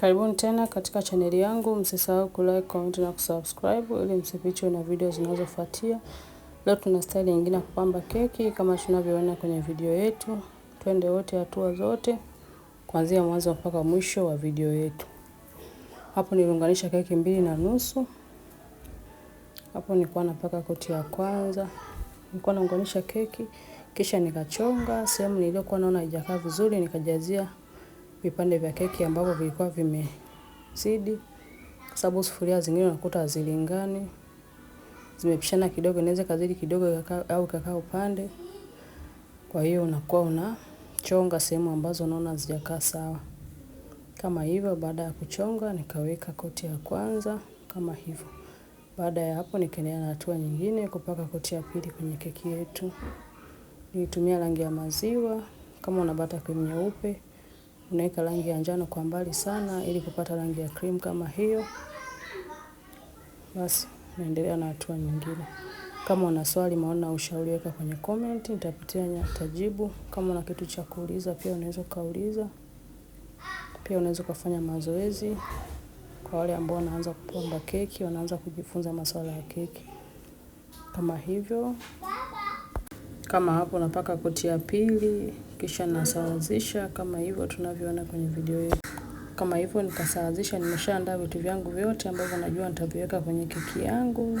Karibuni tena katika chaneli yangu, msisahau ku like, comment na kusubscribe ili msipichwe na video zinazofuatia. Leo tuna style nyingine ya kupamba keki kama tunavyoona kwenye video yetu. Twende wote hatua zote kuanzia mwanzo mpaka mwisho wa video yetu. Hapo niliunganisha keki mbili na nusu. Hapo nilikuwa napaka koti ya kwanza, nilikuwa naunganisha keki kisha nikachonga sehemu niliyokuwa naona haijakaa vizuri nikajazia vipande vya keki ambavyo vilikuwa vimezidi, kwa sababu sufuria zingine unakuta hazilingani, zimepishana kidogo, inaweza kazidi kidogo au kakaa upande. Kwa hiyo unakuwa unachonga sehemu ambazo unaona hazijakaa sawa kama hivyo. Baada ya kuchonga, nikaweka koti ya kwanza kama hivyo. Baada ya hapo, nikaendelea na hatua nyingine kupaka koti ya pili kwenye keki yetu. Nilitumia rangi ya maziwa. Kama una bata krimu nyeupe, unaweka rangi ya njano kwa mbali sana ili kupata rangi ya cream kama hiyo. Basi naendelea na hatua nyingine. Kama una swali, maona ushauri, weka kwenye comment, nitapitia nitajibu. Kama una kitu cha kuuliza pia unaweza ukauliza. Pia unaweza ukafanya mazoezi. Kwa wale ambao wanaanza kupamba keki, wanaanza kujifunza masuala ya keki kama hivyo. Kama hapo napaka koti ya pili. Kisha nasawazisha kama hivyo tunavyoona kwenye video yetu. Kama hivyo nikasawazisha, nimeshaandaa vitu vyangu vyote ambavyo najua nitaviweka kwenye keki yangu.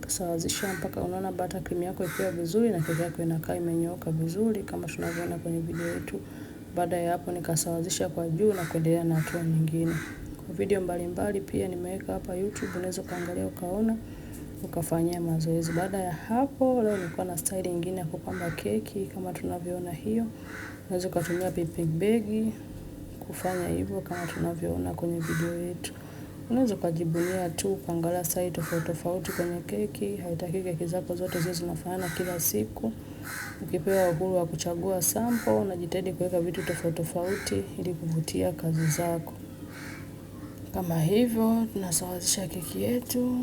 Kasawazisha mpaka unaona bata cream yako ikiwa vizuri na keki yako inakaa imenyooka vizuri kama tunavyoona kwenye video yetu. Baada ya hapo nikasawazisha kwa juu na kuendelea na hatua nyingine. Video mbalimbali pia nimeweka hapa YouTube, unaweza ukaangalia ukaona ukafanyia mazoezi. Baada ya hapo, leo nilikuwa na style nyingine ya kupamba keki kama tunavyoona hiyo. Unaweza ukatumia piping bag kufanya hivyo kama tunavyoona kwenye video yetu. Unaweza ukajibunia tu ukaangalia style tofauti tofauti kwenye keki. Haitaki keki zako zote ziwe zinafanana kila siku. Ukipewa uhuru wa kuchagua sample, unajitahidi kuweka vitu tofauti tofauti ili kuvutia kazi zako. Kama hivyo tunasawazisha keki yetu.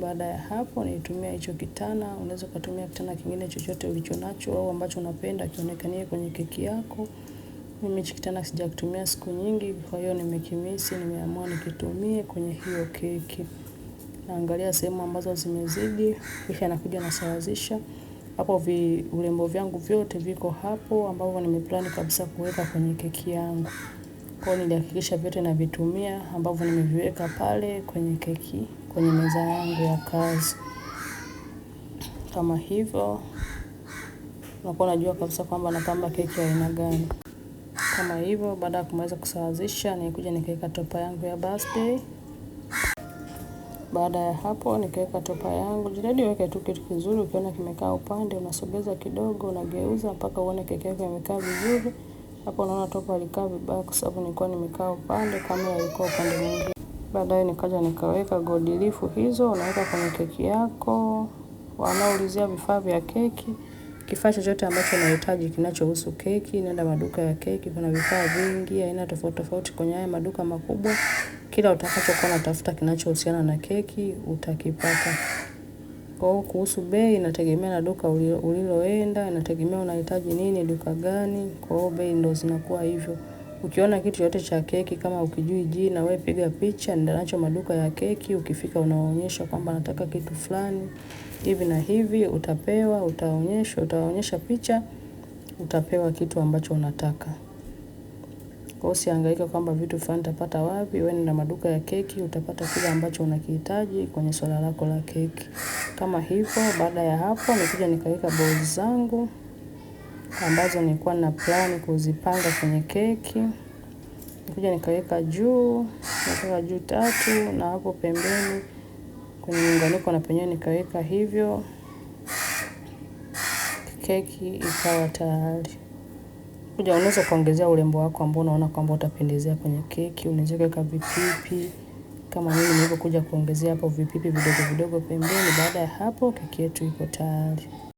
Baada ya hapo nitumia hicho kitana, unaweza kutumia kitana kingine chochote ulicho nacho au ambacho unapenda kionekanie kwenye keki yako. Mimi hicho kitana sijakitumia siku nyingi, kwa hiyo nimekimisi, nimeamua nikitumie kwenye hiyo keki. Naangalia sehemu ambazo zimezidi, kisha nakuja nasawazisha. Hapo vi urembo vyangu vyote viko hapo ambavyo nimeplani kabisa kuweka kwenye keki yangu. Kwa hiyo nilihakikisha vyote navitumia ambavyo nimeviweka pale kwenye keki kwenye meza yangu ya kazi. Kama hivyo, unakuwa unajua kabisa kwamba napamba keki aina gani. Kama hivyo, baada ya kumaliza kusawazisha, nikuja nikaweka topa yangu ya birthday. Baada ya hapo nikaweka topa yangu, jitahidi uweke tu kitu kizuri. Ukiona kimekaa upande, unasogeza kidogo, unageuza mpaka uone keki yako imekaa vizuri. Hapo unaona topa likaa vibaya, kwa sababu nilikuwa nimekaa upande, kama ilikuwa upande mwingine. Baadaye nikaja nikaweka leaf hizo, unaweka kwenye keki yako. Wanaulizia vifaa vya keki, kifaa chochote ambacho unahitaji kinachohusu keki, nenda maduka ya keki, kuna vifaa vingi aina tofauti tofauti kwenye haya maduka makubwa. Kila utakachokuwa unatafuta kinachohusiana na keki utakipata. Kwa kuhusu bei inategemea na duka uliloenda, inategemea unahitaji nini, duka gani, kwa hiyo bei ndo zinakuwa hivyo. Ukiona kitu yote cha keki kama ukijui jina we piga picha, nenda nacho maduka ya keki, ukifika unawaonyesha kwamba nataka kitu fulani hivi na hivi, utapewa, utaonyeshwa, utawaonyesha picha, utapewa kitu ambacho unataka. Kwa hiyo usihangaike kwamba vitu fulani utapata wapi, wewe nenda maduka ya keki, utapata kile ambacho unakihitaji kwenye swala lako la keki. Kama hivyo, baada ya hapo nikuja nikaweka bowls zangu ambazo nilikuwa na plani kuzipanga kwenye keki. Nikuja nikaweka juu, nikaweka juu tatu na hapo pembeni kwenye muunganiko na penyewe nikaweka hivyo, keki ikawa tayari. Kuja unaweza kuongezea urembo wako ambao unaona kwamba utapendezea kwenye keki. Unaweza kuweka vipipi kama mimi nilivyokuja kuongezea hapo vipipi vidogo vidogo pembeni. Baada ya hapo, keki yetu iko tayari.